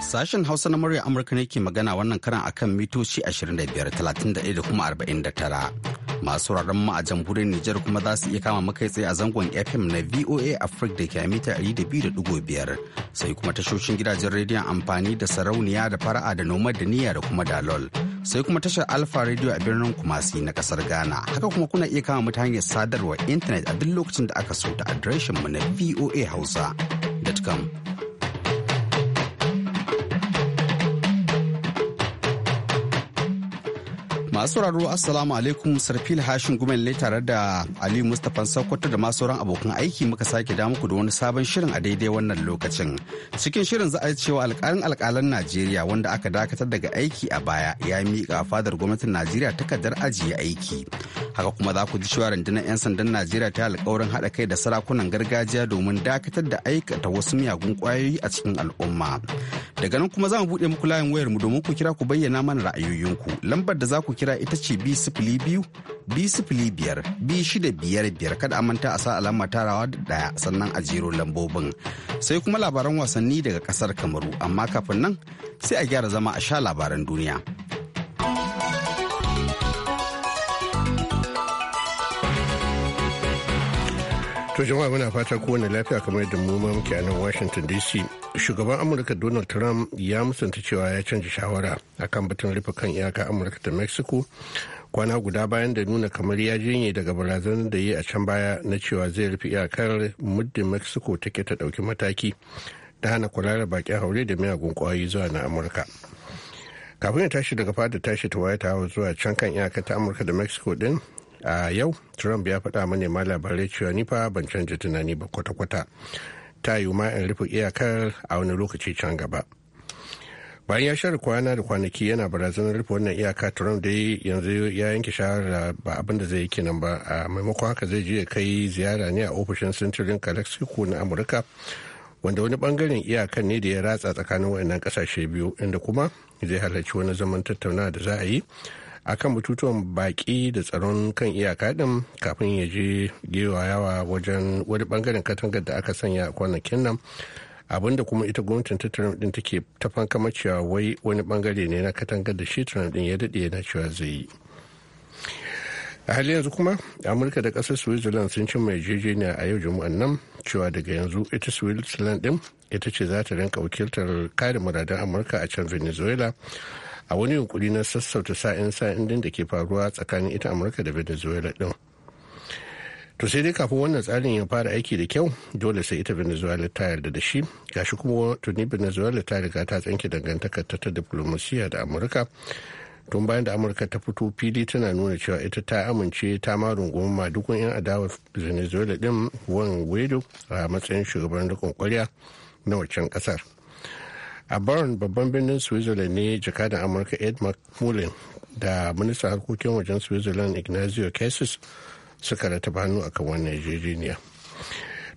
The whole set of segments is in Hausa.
Sashen Hausa na murya Amurka ne ke magana wannan karan akan mitoci 25, 31 da kuma 49. masu sauraron mu a jamhuriyar Nijar kuma za su iya kama makai tsaye a zangon FM na VOA Africa da ke a mita 200.5 sai kuma tashoshin gidajen rediyon amfani da sarauniya da fara'a da noma da niyya da kuma dalol sai kuma tashar Alfa Radio a birnin Kumasi na kasar Ghana haka kuma kuna iya kama mu ta hanyar sadarwar intanet a duk lokacin da aka so ta adireshin mu na voahausa.com Masu sauraro Assalamu alaikum Sarfil Hashin ne tare da Ali Mustapha Sokoto da masu sauran abokan aiki muka sake da muku da wani sabon shirin a daidai wannan lokacin. Cikin shirin za a cewa alƙalin alƙalan Najeriya wanda aka dakatar daga aiki a baya ya miƙa fadar gwamnatin Najeriya takardar ajiye aiki. Haka kuma za ku ji cewa rundunar 'yan sandan Najeriya ta alƙawarin haɗa kai da sarakunan gargajiya domin dakatar da aikata wasu miyagun ƙwayoyi a cikin al'umma. Daga nan kuma za mu buɗe muku layin wayar mu domin ku kira ku bayyana mana ra'ayoyinku. Lambar da za ku kira ita ce b sifili biyu b sifili biyar b shida biyar biyar kada a manta a sa alama tarawa da ɗaya sannan a jero lambobin. Sai kuma labaran wasanni daga ƙasar Kamaru amma kafin nan sai a gyara zama a sha labaran duniya. To jama'a muna fata kowane lafiya kamar yadda mu ma muke a nan Washington DC. Shugaban Amurka Donald Trump ya musanta cewa ya canza shawara a kan batun rufe kan iyaka Amurka da Mexico kwana guda bayan da nuna kamar ya janye daga barazanar da yi a can baya na cewa zai rufe iyakar muddin Mexico take ta dauki mataki da hana da bakin haure da miyagun kwayoyi zuwa na Amurka. Kafin ya tashi daga fada tashi ta White House zuwa can kan iyaka ta Amurka da Mexico din a yau trump ya faɗa manema labarai cewa ni ban canza tunani ba kwata-kwata ta yiwu ma in rufe iyakar a wani lokaci can gaba bayan ya share kwana da kwanaki yana barazanar rufe wannan iyaka trump dai yanzu ya yanke shahara ba abin da zai yi kenan ba a maimakon haka zai je ya kai ziyara ne a ofishin sintirin kalexico na amurka wanda wani bangaren iyakan ne da ya ratsa tsakanin waɗannan kasashe biyu inda kuma zai halarci wani zaman tattaunawa da za a yi akan batutuwan baki da tsaron kan iyaka din kafin ya je yawa wajen wani bangaren katangar da aka sanya a kwanakin nan abinda kuma ita gwamnatin ta din take ta fankama cewa wai wani bangare ne na katangar da shi tunan din ya daɗe yana cewa zai yi a hali yanzu kuma amurka da ƙasar switzerland sun ci mai jejeniya a yau jumu'an nan cewa daga yanzu ita switzerland din ita ce za ta rinka wakiltar kare muradan amurka a can venezuela a wani yunkuri na sassauta sa'in sa'in din da ke faruwa tsakanin ita amurka da venezuela din to sai dai kafin wannan tsarin ya fara aiki da kyau dole sai ita venezuela ta yarda da shi gashi kuma tuni venezuela ta riga ta tsanke dangantakar ta diplomasiya da amurka tun bayan da amurka ta fito fili tana nuna cewa ita ta amince ta ma rungumi madukun 'yan adawar venezuela din juan wedo a matsayin shugaban rikon kwarya na waccan kasar a baron babban birnin switzerland ne jakadan amurka ed mcmullen da ministan harkokin wajen switzerland ignazio cassis suka rataba hannu akan wannan yarjejeniya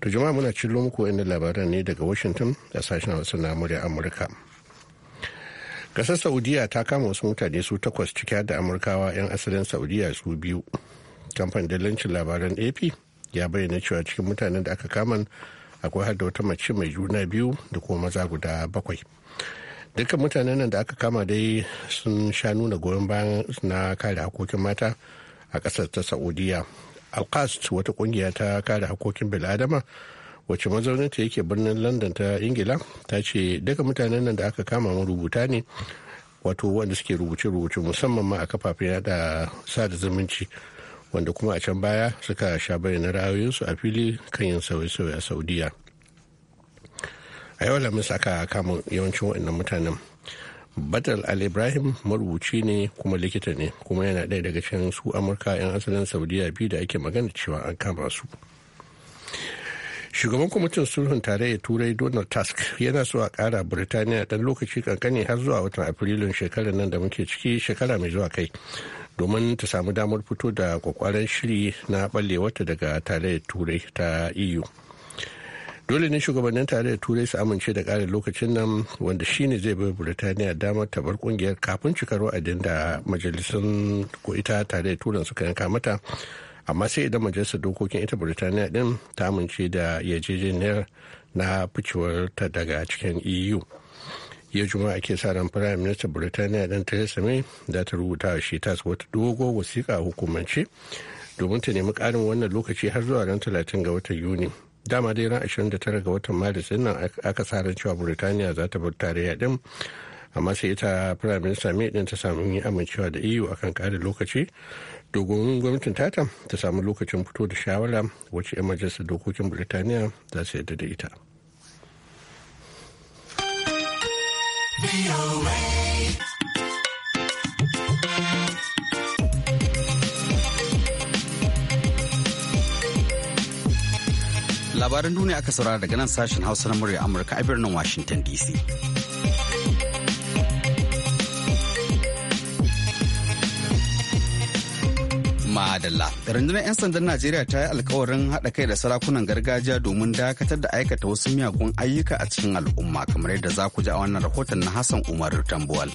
to jama'a muna cillo muku inda labaran ne daga washington da sashen hausa na murya amurka kasar saudiya ta kama wasu mutane su takwas ciki da amurkawa 'yan asalin saudiya su biyu kamfanin dalancin labaran ap ya bayyana cewa cikin mutanen da aka kama akwai har da wata mace mai juna biyu da kuma maza guda bakwai dukkan mutanen nan da aka kama dai sun sha nuna goyon bayan na kare hakokin mata a ƙasar ta saudiya alkast wata kungiya ta kare hakokin bil'adama wacce mazauninta yake birnin london ta ingila ta ce daga mutanen nan da aka kama rubuta ne wato wanda suke rubuce-rubuce musamman ma a kafafen yada sada zumunci wanda kuma a can baya suka sha bayyana ra'ayoyinsu a fili kan yin sauye-sauye a saudiya a yau lamis aka kama yawancin waɗannan mutanen batal al ibrahim marubuci ne kuma likita ne kuma yana ɗaya daga cikin su amurka 'yan asalin saudiya biyu da ake magana cewa an kama su shugaban kwamitin sulhun tarayyar turai donald tusk yana so a kara burtaniya dan lokaci kankani har zuwa watan afrilun shekarar nan da muke ciki shekara mai zuwa kai domin ta samu damar fito da kwakwaren shiri na balle wata daga tarayyar turai ta eu dole ne shugabannin tarayyar turai su amince da ƙarin lokacin nan wanda shine zai bai burtaniya damar ta bar kungiyar kafin cikar wa'adin da majalisun ko ita tarayyar turai suka yanka mata amma sai idan majalisar dokokin ita birtaniya din ta amince da yarjejeniyar na ficewar ta daga cikin eu ya juma'a ake sa ran firayim minister birtaniya din theresa may za ta rubuta shi ta wata dogo wasiƙa hukumance domin ta nemi ƙarin wannan lokaci har zuwa ran 30 ga watan yuni dama dai ran 29 ga watan maris din nan aka sa ran cewa birtaniya za ta bar tarayya din amma sai ita firayim minister may din ta samu amincewa da eu akan ƙarin lokaci dogon gwamnatin tata ta samu lokacin fito da shawara wacce 'yan majalisar dokokin birtaniya za su yadda da ita labaran duniya aka saurara daga nan sashen hausa na murya amurka a birnin washington dc Adalla. Rundunar 'yan sandan Najeriya ta yi alkawarin haɗa kai da sarakunan gargajiya domin dakatar da aikata wasu miyagun ayyuka a cikin al'umma kamar yadda za ku ji a wannan rahoton na Hassan Umar Tambuwal.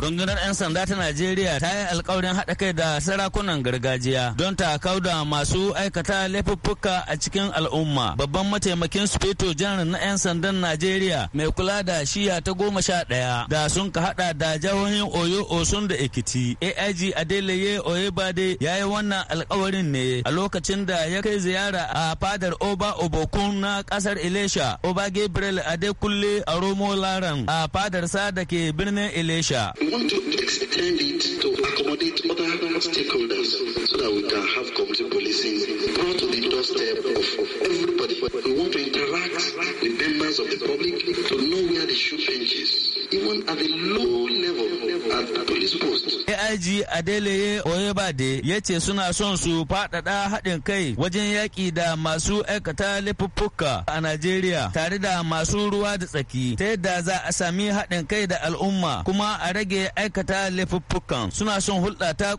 rundunar 'yan sanda ta najeriya ta yi alkawarin haɗa kai da sarakunan gargajiya don ta da masu aikata laifuffuka a cikin al'umma babban mataimakin sufeto janar na 'yan sandan najeriya mai kula da shiya ta goma sha ɗaya da sun ka haɗa da jihohin oyo osun da ekiti aig adeleye oyebade ya yi wannan alkawarin ne a lokacin da ya kai ziyara a fadar oba obokun na ƙasar ilesha oba gabriel adekunle a romo laran a fadarsa da ke birnin ilesha we want to extend it to accommodate other stakeholders so that we can have community policing brought to the doorstep of everybody. We want to interact with members of the public to know where the shoe pinches, even at the low level a police AIG Adeleye Oyebade ya ce suna son su faɗaɗa haɗin kai wajen yaki da masu aikata laifuffuka a Najeriya tare da masu ruwa da tsaki ta yadda za a sami haɗin kai da al'umma kuma a rage aikata laifuffukan suna son hulɗa ta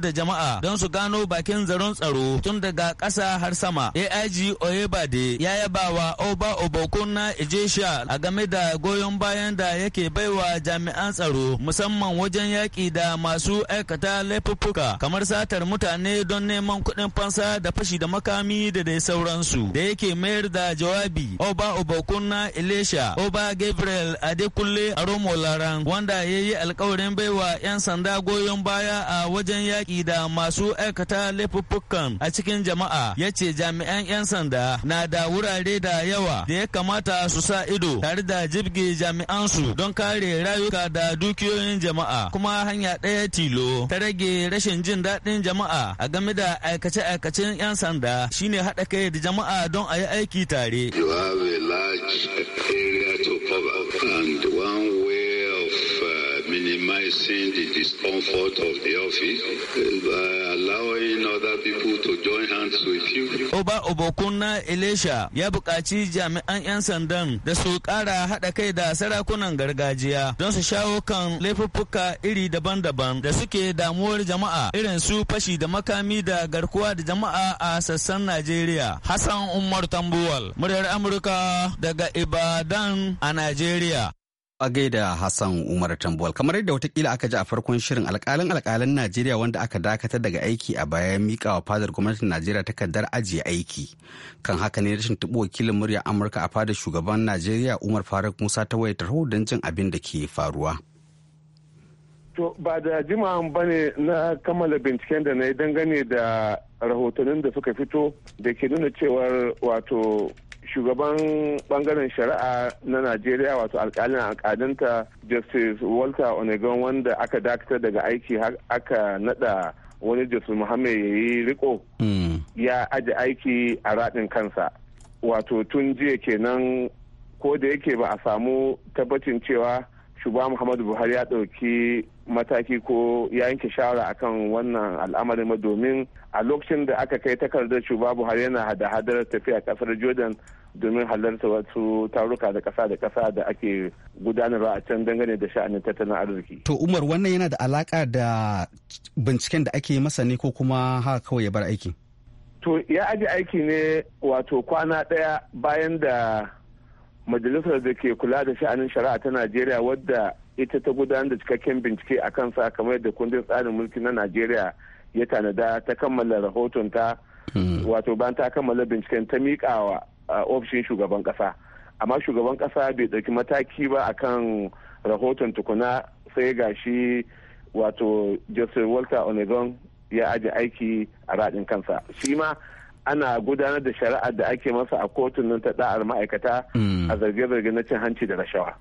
da jama'a don su gano bakin zaron tsaro tun daga ƙasa har sama. AIG Oyebade ya yaba wa Oba Obokun na Ejesha a game da goyon bayan da yake baiwa jami'an tsaro musamman musamman wajen yaƙi da masu aikata laifuffuka kamar satar mutane don neman kuɗin fansa da fashi da makami da dai sauransu da yake mayar da jawabi oba obakunna ilesha oba gabriel adekunle aromolaran wanda ya yi alkawarin baiwa 'yan sanda goyon baya a wajen yaƙi da masu aikata laifuffukan a cikin jama'a ya ce jami'an 'yan sanda na da wurare da yawa da ya kamata su sa ido tare da jibge jami'ansu don kare rayuka da dukiyoyin jama'a jama'a kuma hanya ɗaya tilo ta rage rashin jin daɗin jama'a a game da aikace-aikacen 'yan sanda shine haɗa kai da jama'a don a yi aiki tare. You have a large area to cover lessen the discomfort of the office by uh, allowing other people to join hands with you. Oba Obokun na Elisha ya buƙaci jami'an 'yan sandan da su ƙara haɗa kai da sarakunan gargajiya don su shawo kan laifuffuka iri daban-daban da suke damuwar jama'a irin su fashi da makami da garkuwa da jama'a a sassan Najeriya. Hassan Umar Tambuwal, muryar Amurka daga Ibadan a Najeriya. a gaida Hassan Umar tambuwal Kamar yadda watakila aka ji a farkon shirin alkalin alkalin Najeriya wanda aka dakatar daga aiki a baya mika wa fadar gwamnatin Najeriya takardar ajiye aiki. Kan haka ne rashin tubo wakilin murya Amurka a fadar shugaban Najeriya Umar Faruk Musa ta wayar tarho don jin abin da ke faruwa. To ba da jima'an ba ne na kammala binciken da na yi dangane da rahotannin da suka fito da ke nuna cewar wato shugaban bangaren shari'a na najeriya wato alkalin alkadinta justice walter onegon wanda aka dakatar daga aiki aka nada wani justice muhammad ya yi riko hmm. ya aji aiki a raɗin kansa wato tun jiya kenan ko da yake ba a samu tabbacin cewa shugaba muhammadu buhari ya ɗauki mataki ko ya yanke shawara akan wannan al'amarin ma domin a lokacin da aka kai takardar shugaba buhari yana hada-hadar tafiya kasar jordan domin halarta wasu taruka da ƙasa da ƙasa da ake gudanarwa a can dangane da sha'anin tattalin arziki. To Umar wannan yana da alaƙa da binciken da ake masa ne ko kuma haka kawai ya bar aiki? To ya aji aiki ne wato kwana ɗaya bayan da majalisar da ke kula da sha'anin shari'a ta Najeriya wadda ita ta gudanar da cikakken bincike a kansa kamar yadda kundin tsarin mulki na Najeriya ya tanada ta kammala rahoton ta hmm. wato bayan ta kammala binciken ta miƙawa ofishin shugaban kasa amma shugaban kasa bai ɗauki mataki ba akan rahoton tukuna sai ga shi wato joseph walter onegon ya aji aiki a raɗin kansa shi ma ana gudanar da shari'ar da ake masa a kotun nan ta da'ar ma'aikata hmm. a zarge-zarge na cin hanci da rashawa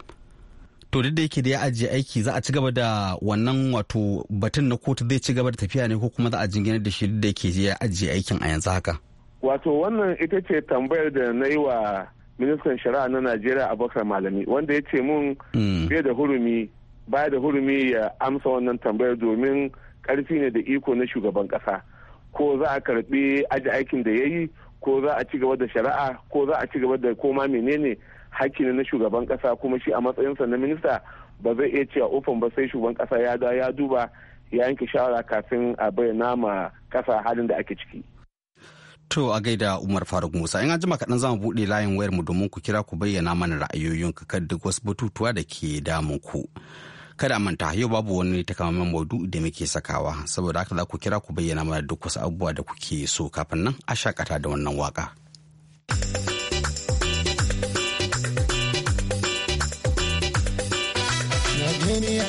to duk da yake da ya ajiye aiki za a ci gaba da wannan wato batun na kotu zai ci gaba da tafiya ne ko kuma za a jinginar da shi duk da yake ya ajiye aikin a yanzu haka wato wannan ita ce tambayar da na yi wa ministan shari'a na najeriya abubakar malami wanda ya ce mun mm. bai da hurumi baya da hurumi ya amsa wannan tambayar domin karfi ne da iko na shugaban kasa ko za a karbi aji aikin da ya yi ko za a ci gaba da shari'a ko za a ci gaba da koma menene hakki na shugaban kasa kuma shi a matsayinsa na minista ba zai iya cewa ofan ba sai shugaban kasa ya ya duba ya yanke shawara kafin a bayyana ma kasa halin da ake ciki. To a gaida Umar Faruk Musa in an jima kaɗan zama buɗe layin wayar mu domin ku kira ku bayyana mana ka kan duk wasu batutuwa da ke damun ku. Kada a manta yau babu wani takamaiman maudu da muke sakawa saboda haka za ku kira ku bayyana mana duk wasu abubuwa da kuke so kafin nan a shakata da wannan waka. Nigeria.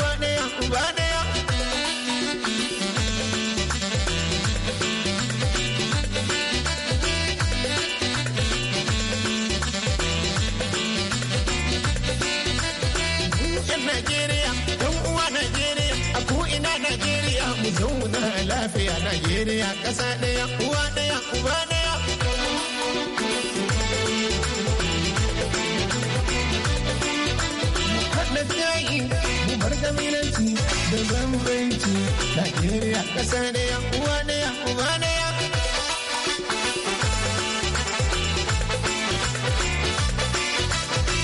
'yan Najeriya, don uwa Najeriya, a ko'ina Najeriya, mu zauna lafiya Najeriya, ƙasa ɗaya, uwa ɗaya, uba ɗaya. Mu jayi, mu bar gamilanci da bambanci, Najeriya, ƙasa ɗaya, uwa ɗaya, uba ɗaya.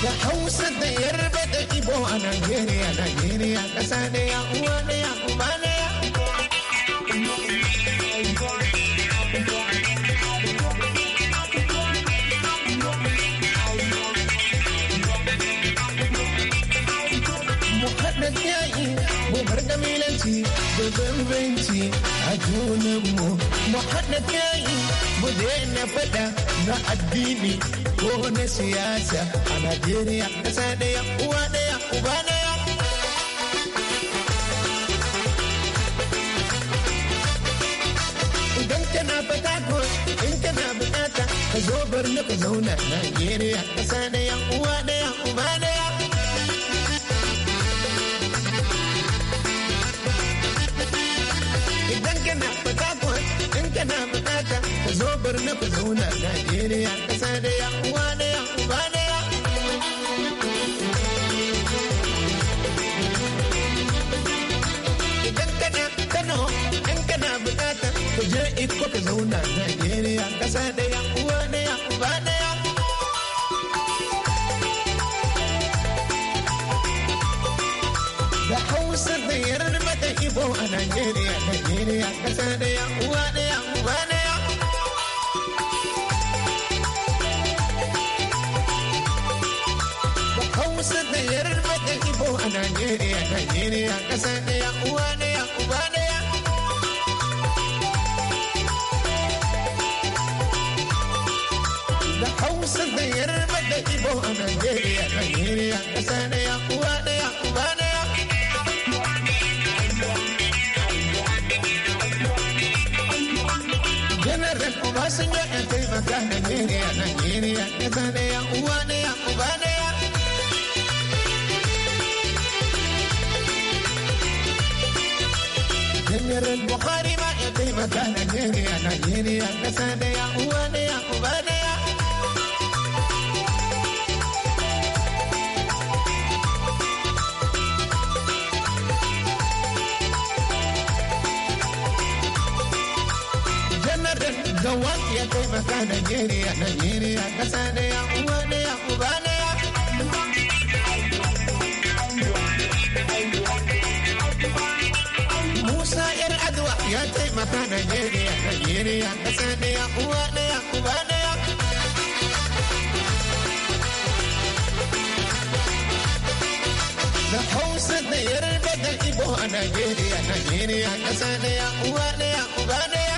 Da Hausa da Yarra ko a Najeriya, Najeriya ƙasa ɗaya, uwa ɗaya, uba ɗaya. bambanci da bambanci a junanmu mu haɗa kai mu daina faɗa na addini ko na siyasa a Najeriya ƙasa ɗaya uwa ɗaya. Zobar kana fata bukata ka zo na Najeriya ƙasa da da da kana bukata ka zo na ku zauna Najeriya ƙasa da yan uwa da yan uba ku je iko ka zauna Najeriya ƙasa ɗaya uwa ɗaya uba ɗaya. Da Hausa da Yarba da Ibo a Najeriya, Najeriya ƙasa ɗaya uwa ɗaya uba ɗaya. Da Hausa da Yarba da Ibo a Najeriya, Najeriya ƙasa ɗaya uwa ɗaya uba ɗaya. Ibo a Najeriya, Nigeria, ƙasa ɗaya, uwa ɗaya, uba ɗaya. Obasanjo ya taimaka Nigeria, Nigeria, ƙasa ɗaya, uwa ɗaya, uba ɗaya. Buhari ma ya taimaka Nigeria, Nigeria, ƙasa ɗaya, uwa ɗaya, uba ɗaya. gawar ya taimaka Najeriya, Najeriya, ƙasa ɗaya, uwa ɗaya, uba ɗaya. Musa ‘yar Adwa ya taimaka Najeriya, Najeriya, ƙasa ɗaya, uwa ɗaya, uba ɗaya. da hausa da yarda da ibo a Najeriya, Najeriya ƙasa ɗaya, uwa ɗaya, uba ɗaya.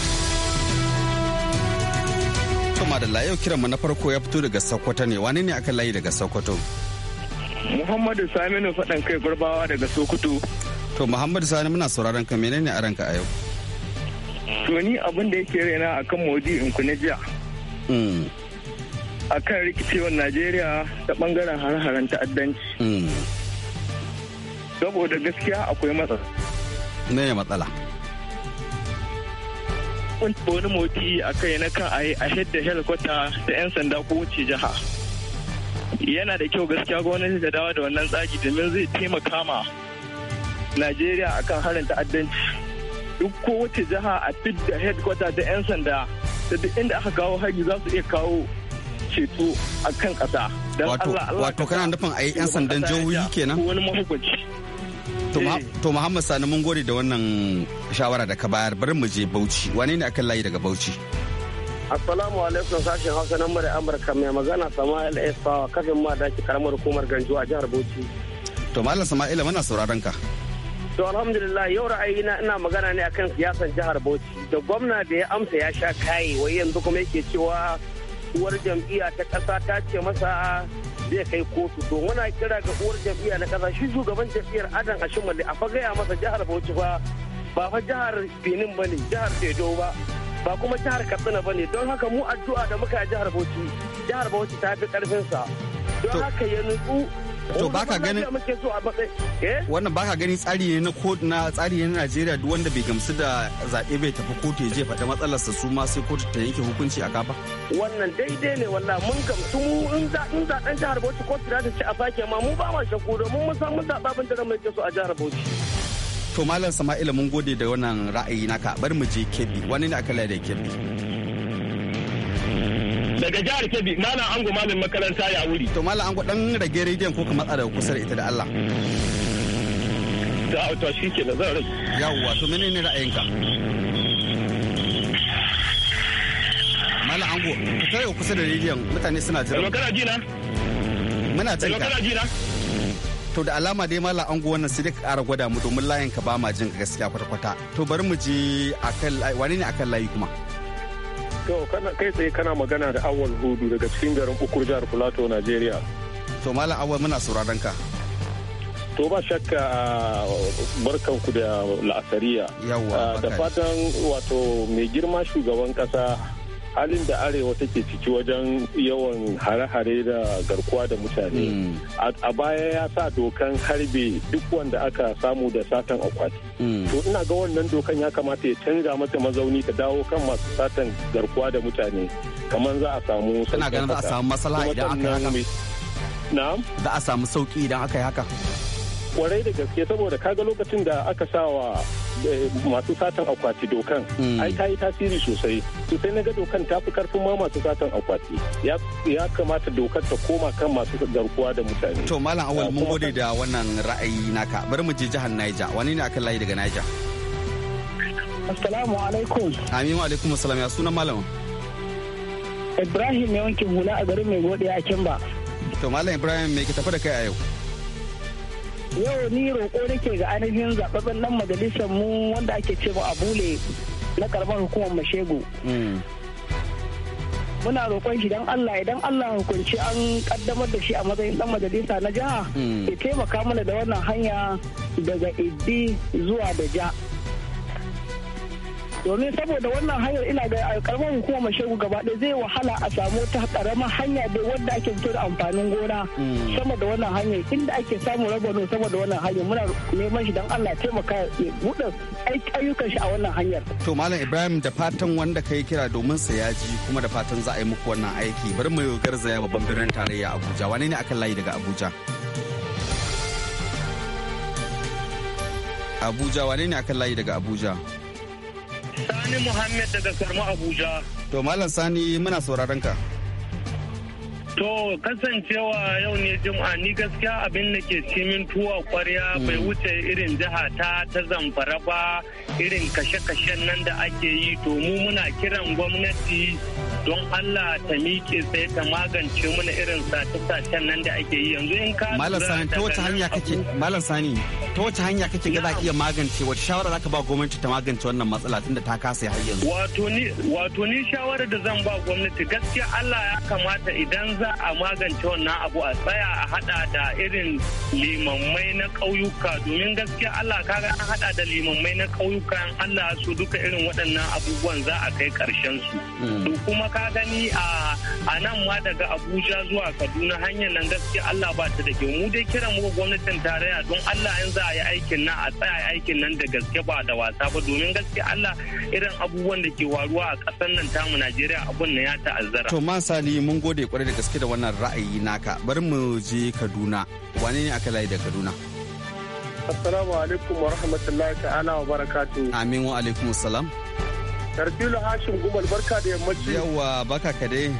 madalla yau kiranmu na farko ya fito daga Sokoto ne wani ne aka layi daga Sokoto? Muhammadu Saminu faɗan kai gurbawa daga Sokoto. To Muhammadu Sani muna sauraron ka menene a ranka a yau? To ni abin da yake raina akan in ku na jiya. Mm. Akan rikicewar Najeriya ta bangaren har-haren ta'addanci. Mm. Saboda gaskiya akwai matsala. Me matsala? wani moti a kai na kan a hidda helikwata da 'yan sanda ko wuce jiha yana da kyau gaskiya gwamnati ta dawo da wannan tsaki domin zai taimaka ma najeriya akan harin ta'addanci duk kowace jiha a da headquarter da 'yan sanda da duk inda aka kawo hari za su iya kawo ceto a kan ƙasa. Wato kana nufin a yi 'yan sandan jihohi kenan? Wani mahukunci. Eh. To Muhammad Sani mun gode da wannan shawara da ka bayar bari mu je Bauchi. Wane ne akan layi daga Bauchi? Assalamu alaikum sashen Hausa na murya Amurka mai magana Sama'il power kafin ma da ke karamar hukumar Ganjo a jihar Bauchi. To Malam Sama'ila muna sauraron ka. To alhamdulillah yau ra'ayi ina magana ne akan siyasar jihar Bauchi da gwamna da ya amsa ya sha kaye wai yanzu kuma yake cewa uwar jam'iyya ta ƙasa ta ce masa zai kai kotu to muna kira ga uwar jam'iyya na kasa shi shugaban jam'iyyar adan ashimali a fagaya masa jihar bauchi ba ba fa jihar benin ba ne jihar edo ba ba kuma jihar katsina ba ne don haka mu addu'a da muka jihar bauchi jihar bauchi ta fi karfinsa don haka ya nutsu to baka ganin eh? wannan baka gani tsari ne na kotu na tsari ne na Najeriya duk wanda bai gamsu da zaɓe bai tafi kotu ya je faɗa matsalarsa su ma sai kotu ta yanke hukunci a kafa wannan daidai ne wallah mun gamsu mu in za in za dan jihar Bauchi kotu za ta ci a sake ma mu ba ma shakku da mun san mun zaɓa abin da mai so a jihar Bauchi to malam Sama'ila mun gode da wannan ra'ayi naka bari mu je Kebbi wani ne aka da Kebbi daga jihar kebbi malam ango malam makaranta ya wuri to malam ango dan rage rediyon ko ka matsa da kusa da ita da allah da auto shi ke da zan yawwa to menene ra'ayinka malam ango ka tare kusa da rediyon mutane suna jira kana ji na muna jin ka ji na to da alama dai malam ango wannan sai dai ka ƙara gwada mu domin layin ka ba ma jin gaskiya kwata-kwata to bari mu ji akan wani ne akan layi kuma To kai tsaye kana magana da awal hudu daga cikin garin ukur jihar Plateau, nigeria. To malam awal muna sauraron ka. To ba shakka uh, barkan ku da la'asariya. Uh, da fatan wato mai girma shugaban kasa halin da arewa take ciki wajen yawan hare-hare da garkuwa da mutane hmm. a baya ya sa dokan harbe duk wanda aka samu da satan akwati hmm. to ina ga wannan dokan ya kamata ya canza mata mazauni ta dawo kan masu satan garkuwa da mutane kamar za a samu a samu sauki idan aka yi haka kwarai da gaske saboda kaga lokacin da aka sawa eh, masu satan akwati dokan hmm. ai ta yi tasiri sosai sosai na ga dokan ta fi karfin ma masu satan akwati ya kamata dokar ta koma kan masu garkuwa da mutane to malam awal ah, mun gode da wannan ra'ayi naka bari mu je jihar Niger wani ne akan layi daga Niger Assalamu alaikum Amin wa alaikum assalam ya sunan malam Ibrahim ya wanke hula a garin mai gode a Kimba to malam Ibrahim me ke tafi da kai a yau yau ni roƙo nake ga ainihin zaɓaɓɓen ɗan majalisar mu wanda ake ce mu abule na karamar hukumar shegu hmm. muna roƙon shi don Allah idan Allah hukunci an ƙaddamar da shi a matsayin ɗan majalisa na jiha hmm. ya taimaka mana da wannan hanya daga iddi zuwa da ja. domin saboda wannan hanyar ina ga karamar hukumar shegu gaba ɗaya zai wahala a samu ta karamar hanya da wadda ake fito da amfanin gona mm. sama da wannan hanyar inda ake samun rabonin sama da wannan hanyar muna neman shi don Allah taimaka ya buɗe ayyukan shi a wannan hanyar. To Malam Ibrahim da fatan wanda ka yi kira domin sa ya ji kuma da fatan za a yi muku wannan aiki bari mu garzaya babban birnin tarayya Abuja wani ne akan layi daga Abuja? Abuja wane ne akan layi daga Abuja? Sani Muhammad daga Sarmu Abuja. To Malam Sani muna sauraron ka. To kasancewa yau ne Juma'a ni gaskiya abin da ke cimin tuwa kwarya mm. bai wuce irin jiha ta ta zamfara ba irin kashe-kashen nan da ake yi to mu muna kiran gwamnati don Allah ta miƙe sai ta magance mana irin sace-sacen nan da ake yi yanzu in ka Malam Sani ta wace hanya kake Malam Sani ta wace hanya kake ga za iya magance wace shawara zaka ba gwamnati ta magance wannan matsala tunda ta kasa har yanzu Wato ni wato ni shawara da zan ba gwamnati gaskiya Allah ya kamata idan za a magance wannan abu a tsaya a hada da irin limammai na ƙauyuka domin gaskiya Allah kaga an hada da limammai na ƙauyuka Allah su duka irin waɗannan abubuwan za a kai ƙarshen su hmm. kuma ka gani a nan ma daga abuja zuwa kaduna hanyar nan gaskiya allah ba ta da kyau mu dai kiran mu gwamnatin tarayya don allah in za a yi aikin nan a tsaya aikin nan da gaske ba da wasa ba domin gaskiya allah irin abubuwan da ke waruwa a ƙasar nan tamu najeriya abun na ya ta'azzara. to ma sali mun gode kwarai da gaske da wannan ra'ayi naka bari mu je kaduna wane ne aka layi da kaduna. assalamu alaikum wa rahmatullahi ta'ala wa barakatuhu. amin wa alaikum salam. Tarfilu Hashim Gumal barka da yammaci. Yawwa baka ka dai.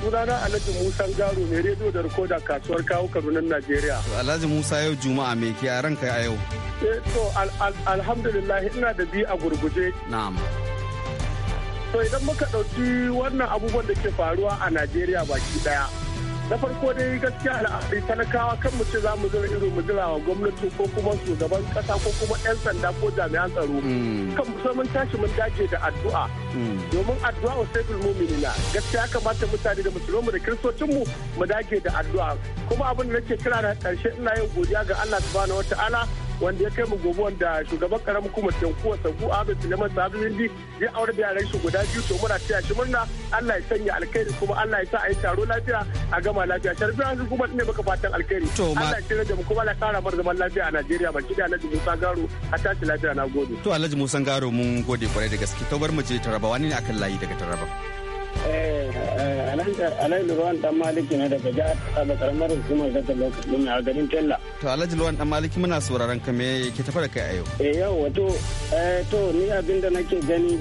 Sunana Alhaji Musa Garo mai rediyo da rikoda kasuwar kawo Kaduna Najeriya. Alhaji Musa yau Juma'a me ke a ranka a yau? Eh to alhamdulillah ina da bi a gurguje. Na'am. To idan muka ɗauki wannan abubuwan da ke faruwa a Najeriya baki ɗaya. na farko dai gaskiya al'adari talakawa kan mu ce za mu zira irin mu jira wa gwamnati ko kuma shugaban kasa ko kuma yan sanda ko jami'an tsaro hmm. kan mu sai mun tashi mun dage da addu'a hmm. domin addu'a wa sayyidul mu'minina gaskiya kamata mutane da musulmi da kiristocin mu mu dage da addu'a kuma abin da nake kira na karshe ina yin godiya ga Allah subhanahu wataala wanda ya kai mu gobe wanda shugaban karamin hukumar tankuwa sabu abin suleiman sabu hindi ya aure da yaran shi guda biyu to muna taya shi murna allah ya sanya alkhairi kuma allah ya sa a yi taro lafiya a gama lafiya sharfi an kuma ne baka fatan alkhairi allah ya tsira da mu kuma allah kara mar zaman lafiya a najeriya ba da alhaji musa garo a tashi lafiya na gode to alhaji musa garo mun gode kwarai da gaske to bar mu je taraba wani ne akan layi daga taraba. Eh, eh, Alhaji Dan Maliki ne hukumar lokacin a garin To Alhaji Ruwan Dan Maliki muna sauraron ka me ke tafa da kai a yau? Eh yau wato eh, to ni abin da nake gani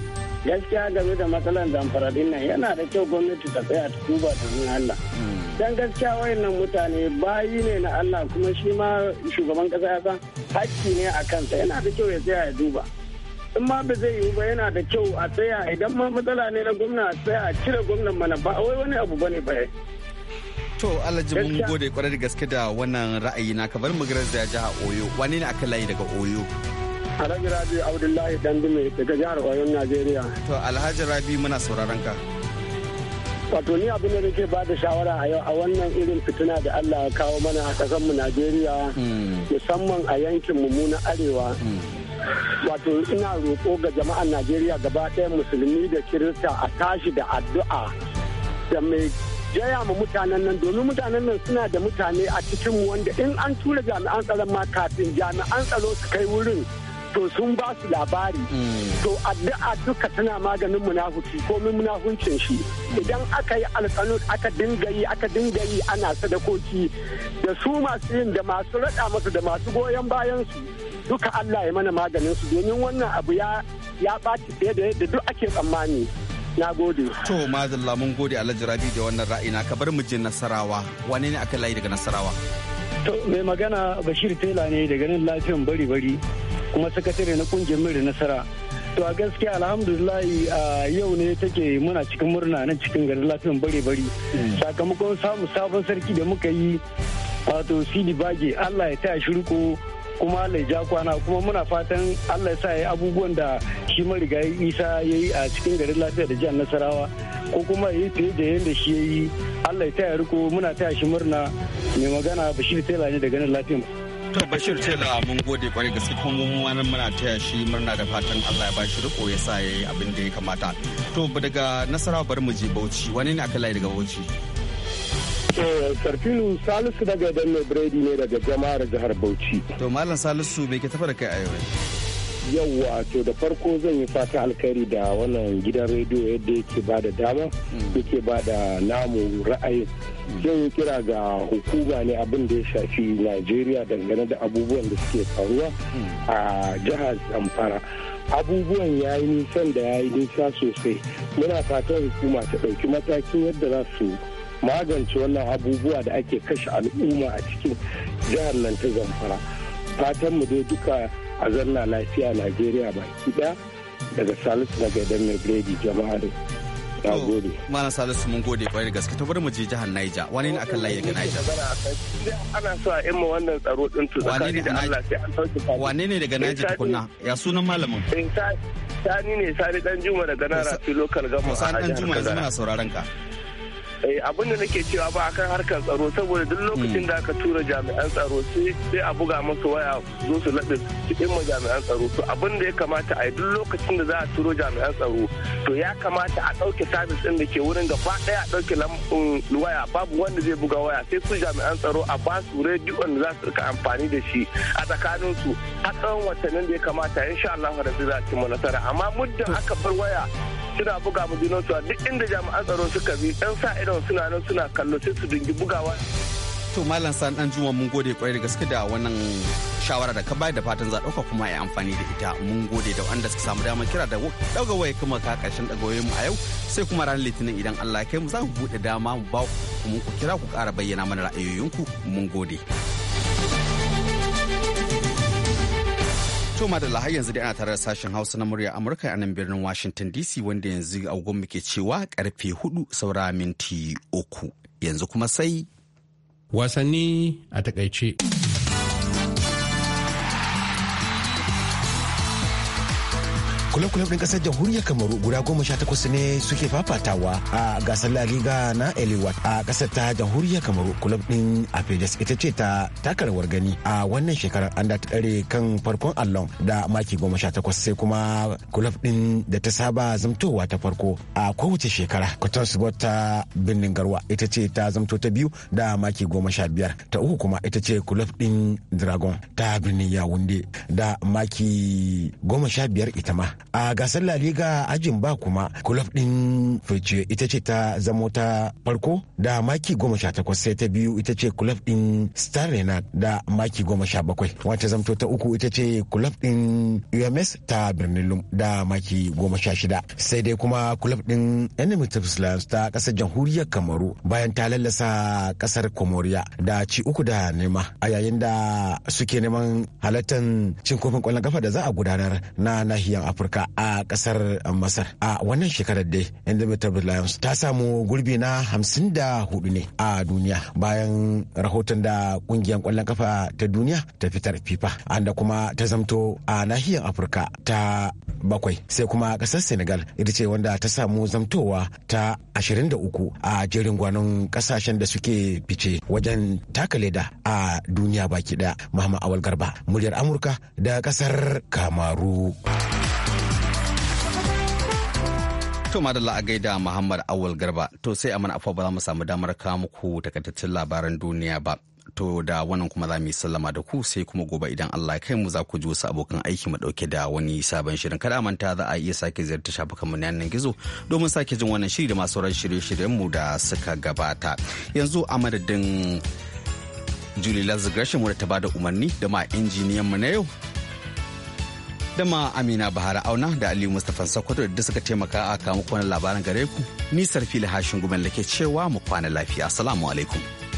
gaskiya game da matsalar zamfara din nan yana da kyau gwamnati ta tsaya ta duba domin Allah. Hmm. Dan gaskiya wayannan mutane bayi ne na Allah kuma shi ma shugaban kasa ya san hakki ne a kansa yana da kyau ya tsaya ya duba. in ma ba zai yiwu ba yana da kyau a tsaya idan ma matsala ne na gwamna a tsaya a cire gwamnan mana ba wai wani abu bane ba To Alhaji mun gode kwarai da gaske da wannan ra'ayi na kabar mu da jiha Oyo wani ne aka layi daga Oyo? Alhaji Rabi Abdullahi Dandume daga jihar Oyo Najeriya. To Alhaji Rabi muna sauraron ka. Wato ni abin da nake ba da shawara a yau a wannan irin fitina da Allah ya kawo mana a mu Najeriya hmm. musamman a yankin mu na Arewa. Hmm. wato ina roƙo ga jama'an najeriya gaba ɗaya musulmi da kirista a tashi da addu'a da mai jaya ma mutanen nan domin mutanen nan suna da mutane a cikin wanda in an tura jami'an tsaron ma kafin jami'an tsaro su kai wurin to sun ba su labari hmm. to addu'a duka tana maganin munafuci min munafuncin shi idan aka yi alƙalu aka dinga yi aka dinga yi ana sadakoki da su masu yin da masu raɗa masu da masu goyon bayan su duka Allah ya mana maganin su domin wannan abu ya ya ɓaci fiye da yadda duk ake tsammani na gode to mazalla mun gode alhaji rabi da wannan ra'ayi na ka mu je nasarawa wane ne aka layi daga nasarawa to mai magana bashir tela ne daga nan lafiyan bari bari kuma sakatare na kungiyar mai nasara to a gaskiya alhamdulillahi yau ne take muna cikin murna nan cikin garin lafiyan bare bari hmm. sakamakon samun sabon sarki da muka yi wato sidi bage allah ya taya shi riko kuma ja kwana kuma muna fatan allah sa yi abubuwan da shi marigayi isa ya yi a cikin garin lafiya da jihar nasarawa ko kuma ya yi fiye da yadda shi ya yi allah ya taya riko muna taya shi murna mai magana bashir tela ne da ganin lafiya to bashir tela mun gode kwarai gaske kuma mun muna taya shi murna da fatan allah ya bashi riko ya sa ya yi abin da ya kamata to daga nasarawa bari mu je bauchi wani ne aka layi daga bauchi Sarfilu Salisu daga Danne biredi ne daga jama'ar jihar Bauchi. To Malam Salisu bai ke tafa da kai a yau. wato da farko zan yi fata alkhairi da wannan gidan rediyo yadda yake ba da dama hmm. yake ba da namu ra'ayin. Zan yi kira ga hukuma ne abin da ya shafi Najeriya dangane da abubuwan da suke faruwa hmm. a jihar Zamfara. abubuwan ya yi nisan da ya yi nisa sosai muna fatan hukuma ta ɗauki matakin yadda za su magance wannan abubuwa da ake kashe al'umma a cikin jihar nan ta zamfara fatan mu dai duka a zanna lafiya najeriya baki daya daga salisu daga idan mai biredi jama'a ne mana salisu mun gode kwarai da gaske ta bari mu je jihar naija wani ne akan layi daga naija ana so a imma wannan tsaro din tu tsakani da allah sai an sauke wane ne daga naija eh, tukunna ya sunan malamin eh, sani ne sani dan juma daga nara fi local gama sani dan juma yanzu sauraron ka Eh, abin da nake cewa ba akan harkar tsaro saboda duk lokacin mm. da aka tura jami'an tsaro sai a buga musu waya zo su laɗe cikin ma jami'an tsaro to abin da ya kamata a yi duk lokacin da za a turo jami'an tsaro to ya kamata a ɗauke sabis ɗin da ke wurin gaba ɗaya a ɗauke waya babu wanda zai buga waya sai su jami'an tsaro a ba su rediyon da za su rika amfani da shi a tsakanin su a tsawon watannin da ya kamata insha Allah da za a ci nasara amma muddin aka bar waya suna buga mu su a duk inda jami'an tsaro suka bi yan sa irin suna nan suna kallo sai su dingi bugawa. To Malam San dan Juma mun gode kwarai da gaske da wannan shawara da ka bayar da fatan za dauka kuma ya amfani da ita mun gode da wanda suka samu damar kira da ɗaga waya kuma ka ƙarshen ɗaga mu a yau sai kuma ranar litinin idan Allah ya kai mu za mu buɗe dama mu ba ku ku kira ku kara bayyana mana ra'ayoyinku mun gode. To madalla har yanzu dai ana tare da sashen Hausa na murya Amurka a nan birnin Washington DC wanda yanzu agogon muke cewa karfe hudu saura minti uku. Yanzu kuma sai wasanni a takaice. kulab ƙasa ɗin ƙasar jamhuriyar Kamaru guda goma sha takwas ne suke fafatawa a gasar La Liga na Eliwat a ƙasar ta jamhuriyar Kamaru. Kulab ɗin Apedes ita ce ta takarwar gani a wannan shekarar an da ta ɗare kan farkon allon da maki goma sha takwas sai kuma kulab ɗin da ta saba zamtowa ta farko a kowace shekara. Cotton Sport ta Birnin Garwa ita ce ta zamto ta biyu da maki goma sha biyar. Ta uku kuma ita ce kulab ɗin Dragon ta Birnin Yawunde da maki goma sha biyar ita ma. a gasar la liga ajin ba kuma kulob din furce ita ce ta zamo ta farko da maki goma sha takwas sai ta biyu ita ce kulob din star renard da maki goma sha bakwai wata zamto ta uku ita ce kulob din ums ta birnin lum da maki goma sha shida sai dai kuma kulob din tips lions ta kasar jamhuriyar kamaru bayan ta lallasa kasar komoriya da ci uku da nema a yayin da suke neman halartar cin kofin kwallon kafa da za a gudanar na nahiyar afirka Amurka a kasar Masar. A wannan shekarar dai Indomitable Lions ta samu gurbi na hamsin da hudu ne a duniya bayan rahoton da kungiyar kwallon kafa ta duniya ta fitar FIFA da kuma ta zamto a nahiyar Afirka ta bakwai sai kuma kasar Senegal ita ce wanda ta samu zamtowa ta 23 a jerin gwanon kasashen da suke fice wajen taka leda a duniya baki daya Muhammad Awal Garba muryar Amurka da kasar Kamaru. To madalla a gaida Muhammad Awal Garba to sai a mana ba za mu samu damar kawo muku takaitaccen labaran duniya ba. To da wannan kuma za mu yi sallama da ku sai kuma gobe idan Allah ya kai mu za ku ji wasu abokan aiki mu dauke da wani sabon shirin kada manta za a iya sake ziyarta shafukan mu na yanar gizo domin sake jin wannan shiri da masu sauran shirye-shiryen mu da suka gabata. Yanzu a madadin Julie Lazar wanda wadda ta bada umarni da ma injiniyan mu na yau dama Amina Bahara Auna da Ali Mustapha Sokoto da suka taimaka a kamu kwanan labaran gare ku. Ni sarfi Hashin Gumen da ke cewa mu kwana lafiya. Assalamu alaikum.